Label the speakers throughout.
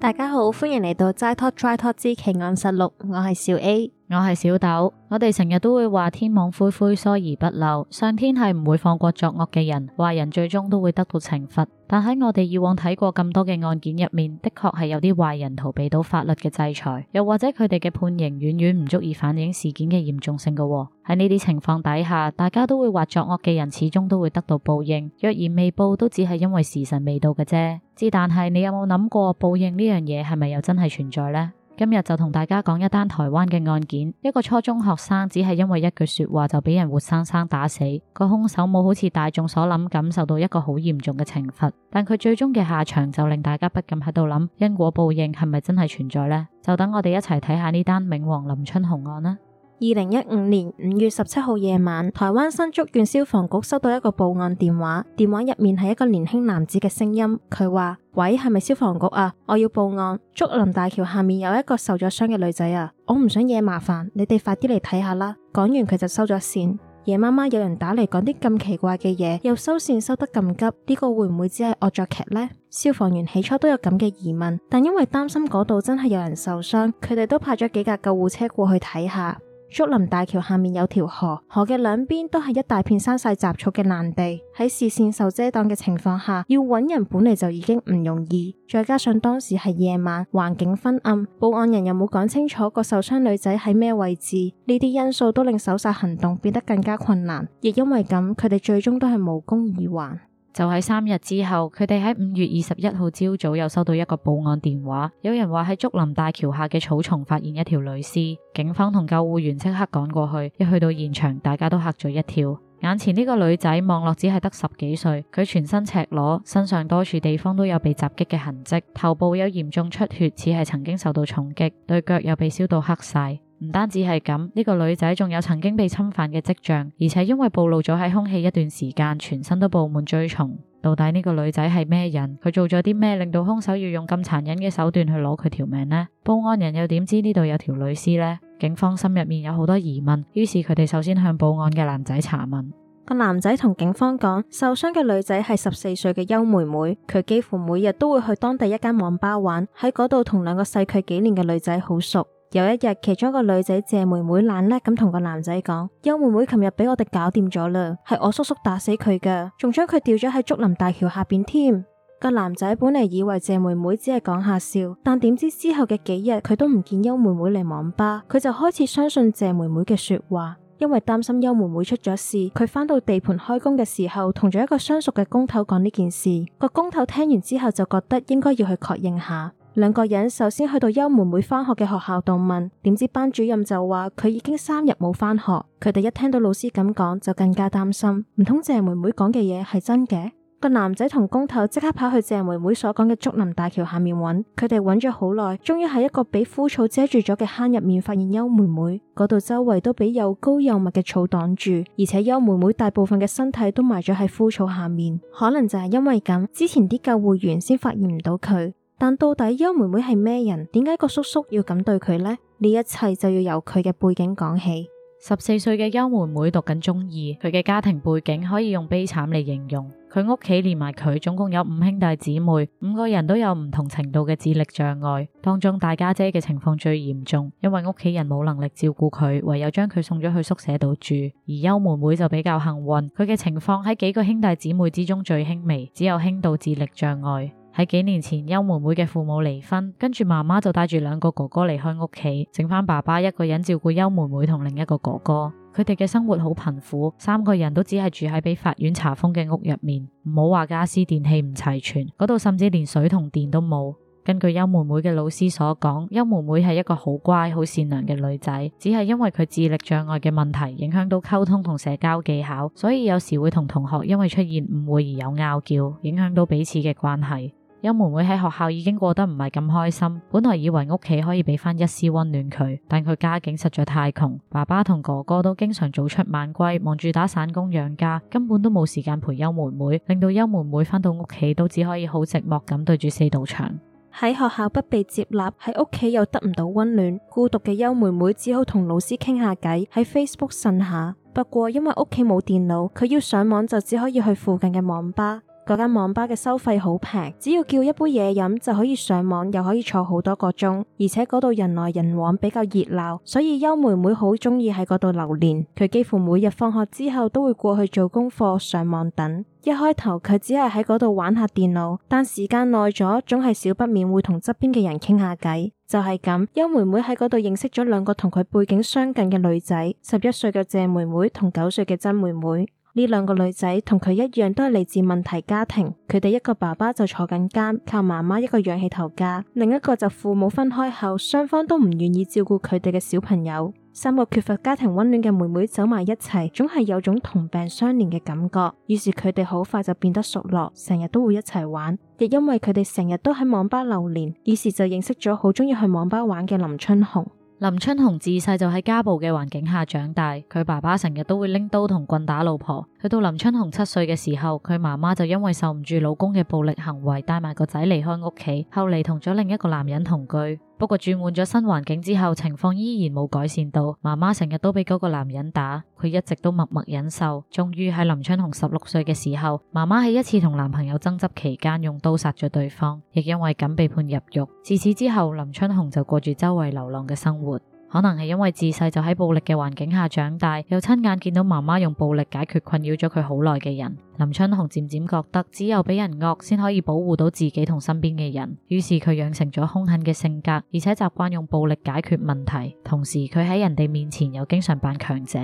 Speaker 1: 大家好，歡迎嚟
Speaker 2: 到齋 talk drytalk 之奇案實錄，我係小 A。我係小豆，我哋成日都會話天網恢恢，疏而不漏，上天係唔會放過作惡嘅人，壞人最終都會得到懲罰。但喺我哋以往睇過咁多嘅案件入面，的確係有啲壞人逃避到法律嘅制裁，又或者佢哋嘅判刑遠遠唔足以反映事件嘅嚴重性㗎喎。喺呢啲情況底下，大家都會話作惡嘅人始終都會得到報應，若然未報都只係因為時辰未到嘅啫。之但係你有冇諗過報應呢樣嘢係咪又真係存在呢？今日就同大家講一單台灣嘅案件，一個初中學生只係因為一句說話就俾人活生生打死，個兇手冇好似大眾所諗感受到一個好嚴重嘅懲罰，但佢最終嘅下場就令大家不禁喺度諗因果報應係咪真係存在呢？就等我哋一齊睇下呢單冥王林春雄案啦。
Speaker 1: 二零一五年五月十七號夜晚，台灣新竹縣消防局收到一個報案電話，電話入面係一個年輕男子嘅聲音。佢話：喂，係咪消防局啊？我要報案，竹林大橋下面有一個受咗傷嘅女仔啊！我唔想惹麻煩，你哋快啲嚟睇下啦。講完佢就收咗線。夜媽媽有人打嚟講啲咁奇怪嘅嘢，又收線收得咁急，呢個會唔會只係惡作劇呢？消防員起初都有咁嘅疑問，但因為擔心嗰度真係有人受傷，佢哋都派咗幾架救護車過去睇下。竹林大橋下面有條河，河嘅兩邊都係一大片山勢雜草嘅爛地。喺視線受遮擋嘅情況下，要揾人本嚟就已經唔容易，再加上當時係夜晚，環境昏暗，報案人又冇講清楚個受傷女仔喺咩位置，呢啲因素都令搜索行動變得更加困難，亦因為咁，佢哋最終都係無功而還。
Speaker 2: 就喺三日之後，佢哋喺五月二十一號朝早又收到一個報案電話，有人話喺竹林大橋下嘅草叢發現一條女屍，警方同救護員即刻趕過去，一去到現場，大家都嚇咗一跳，眼前呢個女仔，望落只係得十幾歲，佢全身赤裸，身上多處地方都有被襲擊嘅痕跡，頭部有嚴重出血，似係曾經受到重擊，對腳又被燒到黑晒。唔單止係咁，呢個女仔仲有曾經被侵犯嘅跡象，而且因為暴露咗喺空氣一段時間，全身都布滿蛆蟲。到底呢個女仔係咩人？佢做咗啲咩令到凶手要用咁殘忍嘅手段去攞佢條命呢？報案人又點知呢度有條女屍呢？警方心入面有好多疑問，於是佢哋首先向報案嘅男仔查問。
Speaker 1: 個男仔同警方講，受傷嘅女仔係十四歲嘅邱妹妹，佢幾乎每日都會去當地一間網吧玩，喺嗰度同兩個細佢幾年嘅女仔好熟。有一日，其中一個女仔謝妹妹懶叻咁同個男仔講：邱妹妹琴日俾我哋搞掂咗啦，係我叔叔打死佢噶，仲將佢掉咗喺竹林大橋下邊添。個男仔本嚟以為謝妹妹只係講下笑，但點知之後嘅幾日佢都唔見邱妹妹嚟網吧，佢就開始相信謝妹妹嘅說話，因為擔心邱妹妹出咗事，佢返到地盤開工嘅時候，同咗一個相熟嘅工頭講呢件事，個工頭聽完之後就覺得應該要去確認下。兩個人首先去到邱妹妹翻學嘅學校度問，點知班主任就話佢已經三日冇翻學。佢哋一聽到老師咁講，就更加擔心，唔通邱妹妹講嘅嘢係真嘅？個男仔同工頭即刻跑去邱妹妹所講嘅竹林大橋下面揾。佢哋揾咗好耐，終於喺一個俾枯草遮住咗嘅坑入面發現邱妹妹。嗰度周圍都俾又高又密嘅草擋住，而且邱妹妹大部分嘅身體都埋咗喺枯草下面，可能就係因為咁，之前啲救護員先發現唔到佢。但到底邱妹妹係咩人？點解個叔叔要咁對佢呢？呢一切就要由佢嘅背景講起。十四歲嘅
Speaker 2: 邱妹妹讀緊中二，佢嘅家庭背景可以用悲慘嚟形容。佢屋企連埋佢總共有五兄弟姊妹，五個人都有唔同程度嘅智力障礙，當中大家姐嘅情況最嚴重，因為屋企人冇能力照顧佢，唯有將佢送咗去宿舍度住。而邱妹妹就比較幸運，佢嘅情況喺幾個兄弟姊妹之中最輕微，只有輕度智力障礙。喺幾年前，邱妹妹嘅父母離婚，跟住媽媽就帶住兩個哥哥離開屋企，剩翻爸爸一個人照顧邱妹妹同另一個哥哥。佢哋嘅生活好貧苦，三個人都只係住喺俾法院查封嘅屋入面，唔好話家私電器唔齊全，嗰度甚至連水同電都冇。根據邱妹妹嘅老師所講，邱妹妹係一個好乖、好善良嘅女仔，只係因為佢智力障礙嘅問題，影響到溝通同社交技巧，所以有時會同同學因為出現誤會而有拗撬，影響到彼此嘅關係。邱妹妹喺學校已經過得唔係咁開心，本來以為屋企可以俾翻一絲溫暖佢，但佢家境實在太窮，爸爸同哥哥都經常早出晚歸，忙住打散工養家，根本都冇時間陪邱妹妹，令到邱妹妹返到屋企都只可以好寂寞咁對住四道牆。
Speaker 1: 喺學校不被接納，喺屋企又得唔到溫暖，孤獨嘅邱妹妹只好同老師傾下偈，喺 Facebook 呻下。不過因為屋企冇電腦，佢要上網就只可以去附近嘅網吧。嗰間網吧嘅收費好平，只要叫一杯嘢飲就可以上網，又可以坐好多個鐘。而且嗰度人來人往比較熱鬧，所以邱妹妹好鍾意喺嗰度留連。佢幾乎每日放學之後都會過去做功課、上網等。一開頭佢只係喺嗰度玩下電腦，但時間耐咗，總係少不免會同側邊嘅人傾下偈。就係咁，邱妹妹喺嗰度認識咗兩個同佢背景相近嘅女仔，十一歲嘅謝妹妹同九歲嘅曾妹妹。呢兩個女仔同佢一樣，都係嚟自問題家庭。佢哋一個爸爸就坐緊監，靠媽媽一個養起頭家；另一個就父母分開後，雙方都唔願意照顧佢哋嘅小朋友。三個缺乏家庭溫暖嘅妹妹走埋一齊，總係有種同病相憐嘅感覺。於是佢哋好快就變得熟絡，成日都會一齊玩。亦因為佢哋成日都喺網吧流連，於是就認識咗好鍾意去
Speaker 2: 網吧玩嘅林春雄。林春雄自細就喺家暴嘅環境下長大，佢爸爸成日都會拎刀同棍打老婆。去到林春雄七歲嘅時候，佢媽媽就因為受唔住老公嘅暴力行為，帶埋個仔離開屋企，後嚟同咗另一個男人同居。不過轉換咗新環境之後，情況依然冇改善到。媽媽成日都俾嗰個男人打，佢一直都默默忍受。終於喺林春雄十六歲嘅時候，媽媽喺一次同男朋友爭執期間，用刀殺咗對方，亦因為咁被判入獄。自此之後，林春雄就過住周圍流浪嘅生活。可能係因為自細就喺暴力嘅環境下長大，又親眼見到媽媽用暴力解決困擾咗佢好耐嘅人，林春雄漸漸覺得只有俾人惡先可以保護到自己同身邊嘅人，於是佢養成咗兇狠嘅性格，而且習慣用暴力解決問題，同時佢喺人哋面前又經常扮強者。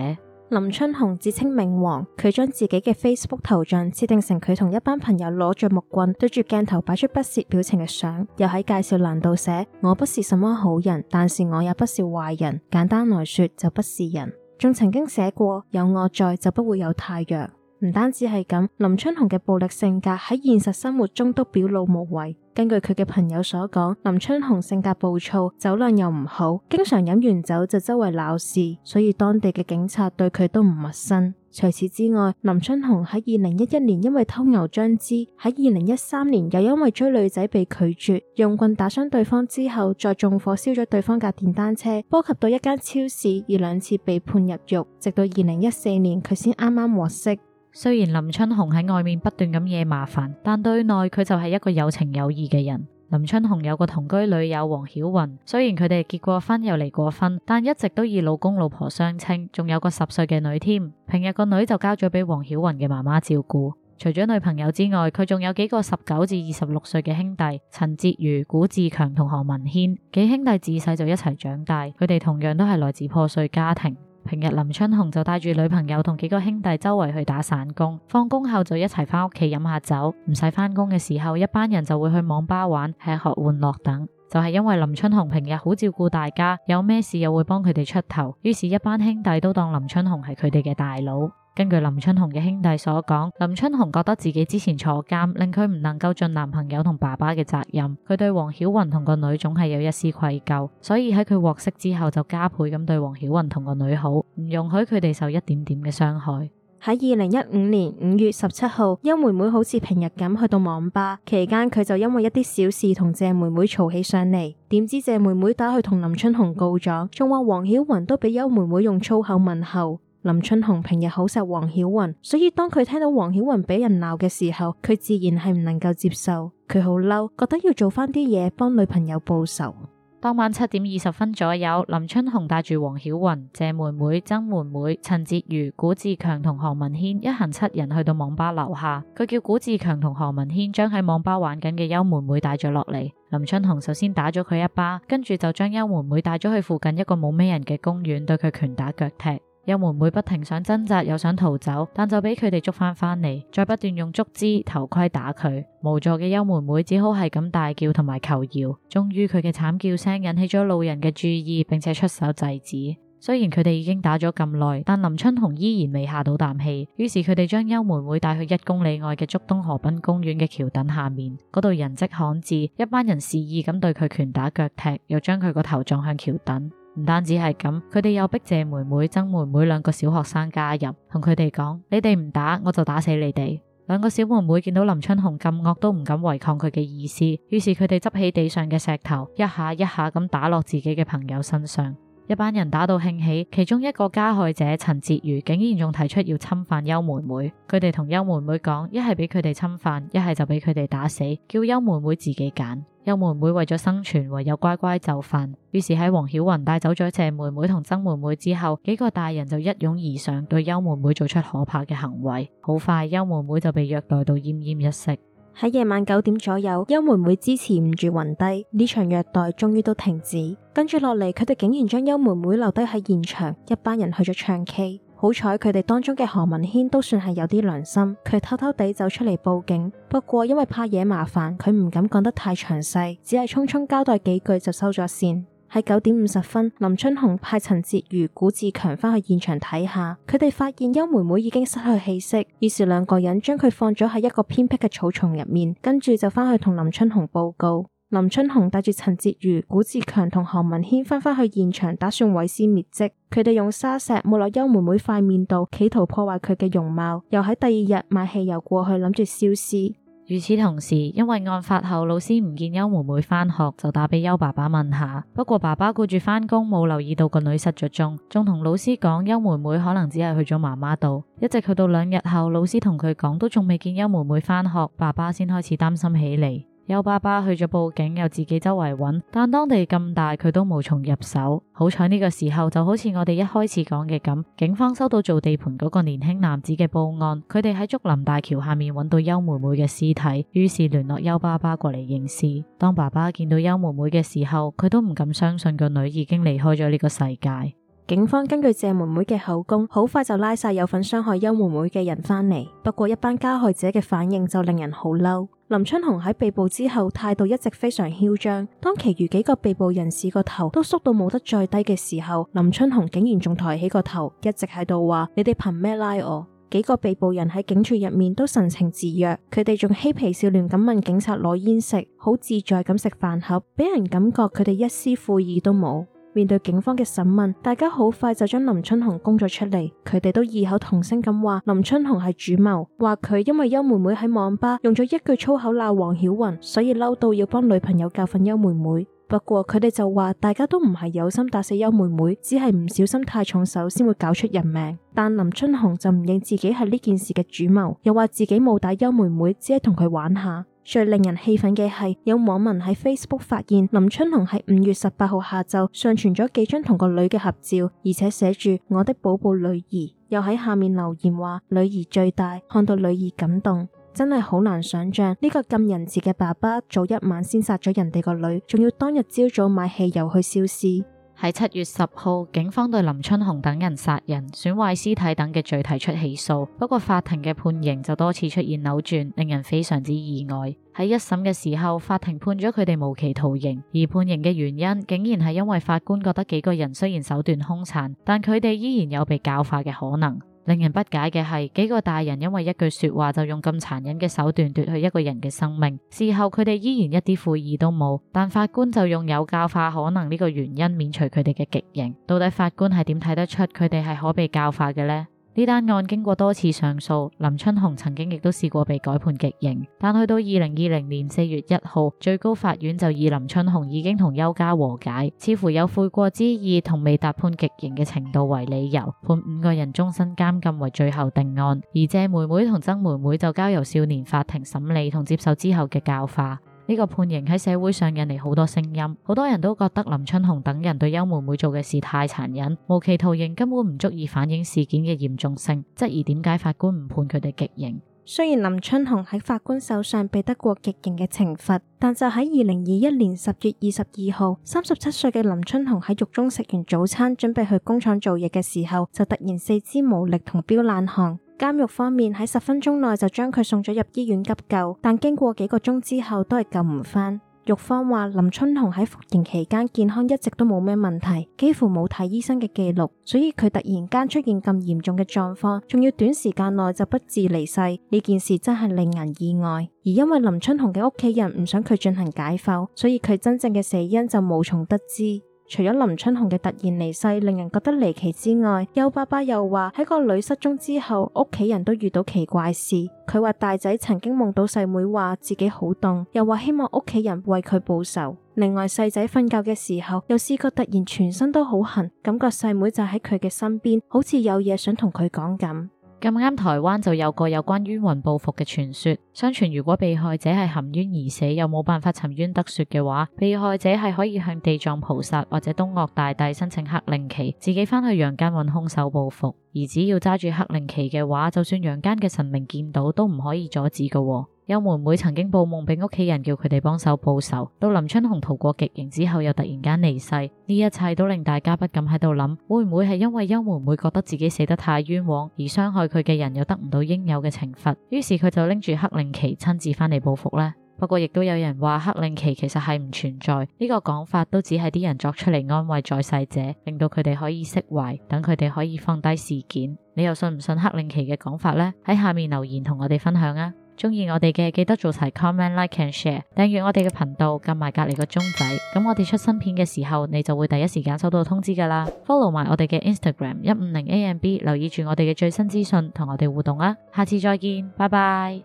Speaker 1: 林春雄自稱冥王，佢將自己嘅 Facebook 頭像設定成佢同一班朋友攞着木棍對住鏡頭擺出不屑表情嘅相，又喺介紹欄度寫：我不是什麼好人，但是我也不是壞人，簡單來說就不是人。仲曾經寫過：有我在就不會有太陽。唔單止係咁，林春雄嘅暴力性格喺現實生活中都表露無遺。根據佢嘅朋友所講，林春雄性格暴躁，酒量又唔好，經常飲完酒就周圍鬧事，所以當地嘅警察對佢都唔陌生。除此之外，林春雄喺二零一一年因為偷牛將枝，喺二零一三年又因為追女仔被拒絕，用棍打傷對方之後，再縱火燒咗對方架電單車，波及到一間超市，而兩次被判入獄，直到二
Speaker 2: 零一四年佢先啱啱獲釋。雖然林春雄喺外面不斷咁惹麻煩，但對內佢就係一個有情有義嘅人。林春雄有個同居女友黃曉雲，雖然佢哋結過婚又離過婚，但一直都以老公老婆相稱，仲有個十歲嘅女添。平日個女就交咗俾黃曉雲嘅媽媽照顧。除咗女朋友之外，佢仲有幾個十九至二十六歲嘅兄弟：陳哲瑜、古志強同何文軒。幾兄弟自細就一齊長大，佢哋同樣都係來自破碎家庭。平日林春雄就帶住女朋友同幾個兄弟周圍去打散工，放工後就一齊返屋企飲下酒。唔使返工嘅時候，一班人就會去網吧玩，吃喝玩樂等。就係、是、因為林春雄平日好照顧大家，有咩事又會幫佢哋出頭，於是，一班兄弟都當林春雄係佢哋嘅大佬。根據林春雄嘅兄弟所講，林春雄覺得自己之前坐監令佢唔能夠盡男朋友同爸爸嘅責任，佢對黃曉雲同個女總係有一絲愧疚，所以喺佢獲釋之後就加倍咁對黃曉雲同個女好，唔容許佢哋受一點點嘅傷害。
Speaker 1: 喺二零一五年五月十七號，邱妹妹好似平日咁去到網吧，期間佢就因為一啲小事同謝妹妹嘈起上嚟，點知謝妹妹打去同林春雄告咗，仲話黃曉雲都俾邱妹妹用粗口問候。林春雄平日好錫黃曉雲，所以當佢聽到黃曉雲俾人鬧嘅時候，佢自然係唔能夠接受，佢好嬲，覺得要做翻啲嘢幫女朋友報仇。
Speaker 2: 當晚七點二十分左右，林春雄帶住黃曉雲、謝妹妹、曾妹妹、陳潔如、古志強同何文軒一行七人去到網吧樓下，佢叫古志強同何文軒將喺網吧玩緊嘅邱妹妹帶咗落嚟。林春雄首先打咗佢一巴，跟住就將邱妹妹帶咗去附近一個冇咩人嘅公園，對佢拳打腳踢。邱妹妹不停想掙扎，又想逃走，但就俾佢哋捉翻翻嚟，再不斷用竹枝、頭盔打佢。無助嘅邱妹妹只好係咁大叫同埋求饒。終於佢嘅慘叫聲引起咗路人嘅注意，並且出手制止。雖然佢哋已經打咗咁耐，但林春雄依然未下到啖氣。於是佢哋將邱妹妹帶去一公里外嘅竹東河濱公園嘅橋墩下面，嗰度人跡罕至，一班人肆意咁對佢拳打腳踢，又將佢個頭撞向橋墩。唔單止係咁，佢哋又逼謝妹妹、曾妹妹兩個小學生加入，同佢哋講：你哋唔打，我就打死你哋。兩個小妹妹見到林春雄咁惡，都唔敢違抗佢嘅意思，於是佢哋執起地上嘅石頭，一下一下咁打落自己嘅朋友身上。一班人打到興起，其中一個加害者陳哲瑜竟然仲提出要侵犯邱妹妹。佢哋同邱妹妹講，一係俾佢哋侵犯，一係就俾佢哋打死，叫邱妹妹自己揀。邱妹妹為咗生存，唯有乖乖就範。於是在黃曉雲帶走咗謝妹妹同曾妹妹之後，幾個大人就一擁而上，對邱妹妹做出可怕嘅行為。好快，邱妹妹就被虐待到奄奄一息。
Speaker 1: 喺夜晚九點左右，邱妹妹支持唔住暈低，呢場虐待終於都停止。跟住落嚟，佢哋竟然將邱妹妹留低喺現場，一班人去咗唱 K。好彩佢哋當中嘅何文軒都算係有啲良心，佢偷偷地走出嚟報警。不過因為怕惹麻煩，佢唔敢講得太詳細，只係匆匆交代幾句就收咗線。喺九點五十分，林春雄派陳哲如、古志強返去現場睇下，佢哋發現邱妹妹已經失去氣息，於是兩個人將佢放咗喺一個偏僻嘅草叢入面，跟住就返去同林春雄報告。林春雄帶住陳哲如、古志強同何文軒返返去現場，打算毀屍滅跡。佢哋用沙石抹落邱妹妹塊面度，企圖破壞佢嘅容貌，又喺第二日買汽油過去諗住燒屍。
Speaker 2: 與此同時，因為案發後老師唔見邱妹妹返學，就打畀邱爸爸問下。不過爸爸顧住返工，冇留意到個女失咗蹤，仲同老師講邱妹妹可能只係去咗媽媽度。一直去到兩日後，老師同佢講都仲未見邱妹妹返學，爸爸先開始擔心起嚟。邱爸爸去咗報警，又自己周圍揾，但當地咁大，佢都無從入手。好彩呢個時候就好似我哋一開始講嘅咁，警方收到做地盤嗰個年輕男子嘅報案，佢哋喺竹林大橋下面揾到邱妹妹嘅屍體，於是聯絡邱爸爸過嚟認屍。當爸爸見到邱妹妹嘅時候，佢都唔敢相信個女兒已經離開咗呢個世界。
Speaker 1: 警方根據謝妹妹嘅口供，好快就拉晒有份傷害邱妹妹嘅人翻嚟。不過一班加害者嘅反應就令人好嬲。林春雄喺被捕之後，態度一直非常囂張。當其餘幾個被捕人士個頭都縮到冇得再低嘅時候，林春雄竟然仲抬起個頭，一直喺度話：你哋憑咩拉我？幾個被捕人喺警署入面都神情自若，佢哋仲嬉皮笑臉咁問警察攞煙食，好自在咁食飯盒，俾人感覺佢哋一絲悔意都冇。面對警方嘅審問，大家好快就將林春雄供咗出嚟，佢哋都異口同聲咁話林春雄係主謀，話佢因為邱妹妹喺網吧用咗一句粗口鬧黃曉雲，所以嬲到要幫女朋友教訓邱妹妹。不過佢哋就話大家都唔係有心打死邱妹妹，只係唔小心太重手先會搞出人命。但林春雄就唔認自己係呢件事嘅主謀，又話自己冇打邱妹妹，只係同佢玩下。最令人氣憤嘅係，有網民喺 Facebook 發現林春雄喺五月十八號下晝上傳咗幾張同個女嘅合照，而且寫住我的寶寶女兒，又喺下面留言話女兒最大，看到女兒感動，真係好難想象呢個咁仁慈嘅爸爸，早一晚先殺咗人哋個女，仲要當日朝早買汽油去
Speaker 2: 燒屍。喺七月十號，警方對林春雄等人殺人、損壞屍體等嘅罪提出起訴。不過法庭嘅判刑就多次出現扭轉，令人非常之意外。喺一審嘅時候，法庭判咗佢哋無期徒刑，而判刑嘅原因竟然係因為法官覺得幾個人雖然手段兇殘，但佢哋依然有被教化嘅可能。令人不解嘅係，幾個大人因為一句說話就用咁殘忍嘅手段奪去一個人嘅生命，事後佢哋依然一啲悔意都冇，但法官就用有教化可能呢個原因免除佢哋嘅極刑。到底法官係點睇得出佢哋係可被教化嘅呢？呢單案經過多次上訴，林春雄曾經亦都試過被改判極刑，但去到二零二零年四月一號，最高法院就以林春雄已經同邱家和解，似乎有悔過之意同未達判極刑嘅程度為理由，判五個人終身監禁為最後定案，而謝妹妹同曾妹妹就交由少年法庭審理同接受之後嘅教化。呢個判刑喺社會上引嚟好多聲音，好多人都覺得林春雄等人對邱妹妹做嘅事太殘忍，無期徒刑根本唔足以反映事件嘅嚴重性，質疑點解法官唔判佢哋極刑。
Speaker 1: 雖然林春雄喺法官手上避得過極刑嘅懲罰，但就喺二零二一年十月二十二號，三十七歲嘅林春雄喺獄中食完早餐，準備去工廠做嘢嘅時候，就突然四肢無力同飆冷汗。監獄方面喺十分鐘內就將佢送咗入醫院急救，但經過幾個鐘之後都係救唔返。獄方話林春雄喺服刑期間健康一直都冇咩問題，幾乎冇睇醫生嘅記錄，所以佢突然間出現咁嚴重嘅狀況，仲要短時間內就不治離世，呢件事真係令人意外。而因為林春雄嘅屋企人唔想佢進行解剖，所以佢真正嘅死因就無從得知。除咗林春雄嘅突然離世令人覺得離奇之外，邱爸爸又話喺個女失蹤之後，屋企人都遇到奇怪事。佢話大仔曾經夢到細妹話自己好凍，又話希望屋企人為佢報仇。另外，細仔瞓覺嘅時候，又試過突然全身都好痕，感覺細妹就喺佢嘅身邊，好似有嘢想同佢講咁。
Speaker 2: 咁啱台灣就有個有關冤魂報復嘅傳說，相傳如果被害者係含冤而死又冇辦法沉冤得雪嘅話，被害者係可以向地藏菩薩或者東嶽大帝申請黑令旗，自己翻去陽間搵兇手報復。而只要揸住黑令旗嘅話，就算陽間嘅神明見到都唔可以阻止㗎喎。邱妹妹曾經報夢俾屋企人，叫佢哋幫手報仇。到林春雄逃過極刑之後，又突然間離世，呢一切都令大家不敢喺度諗，會唔會係因為邱妹妹覺得自己死得太冤枉，而傷害佢嘅人又得唔到應有嘅懲罰，於是佢就拎住黑令旗親自翻嚟報復呢？不過亦都有人話黑令旗其實係唔存在呢個講法，都只係啲人作出嚟安慰在世者，令到佢哋可以釋懷，等佢哋可以放低事件。你又信唔信黑令旗嘅講法呢？喺下面留言同我哋分享啊！中意我哋嘅記得做齊 comment、like and share，訂閱我哋嘅頻道，撳埋隔籬個鐘仔，咁我哋出新片嘅時候，你就會第一時間收到通知㗎喇。Follow 埋我哋嘅 Instagram 一五零 AMB，留意住我哋嘅最新資訊，同我哋互動啊！下次再見，拜拜。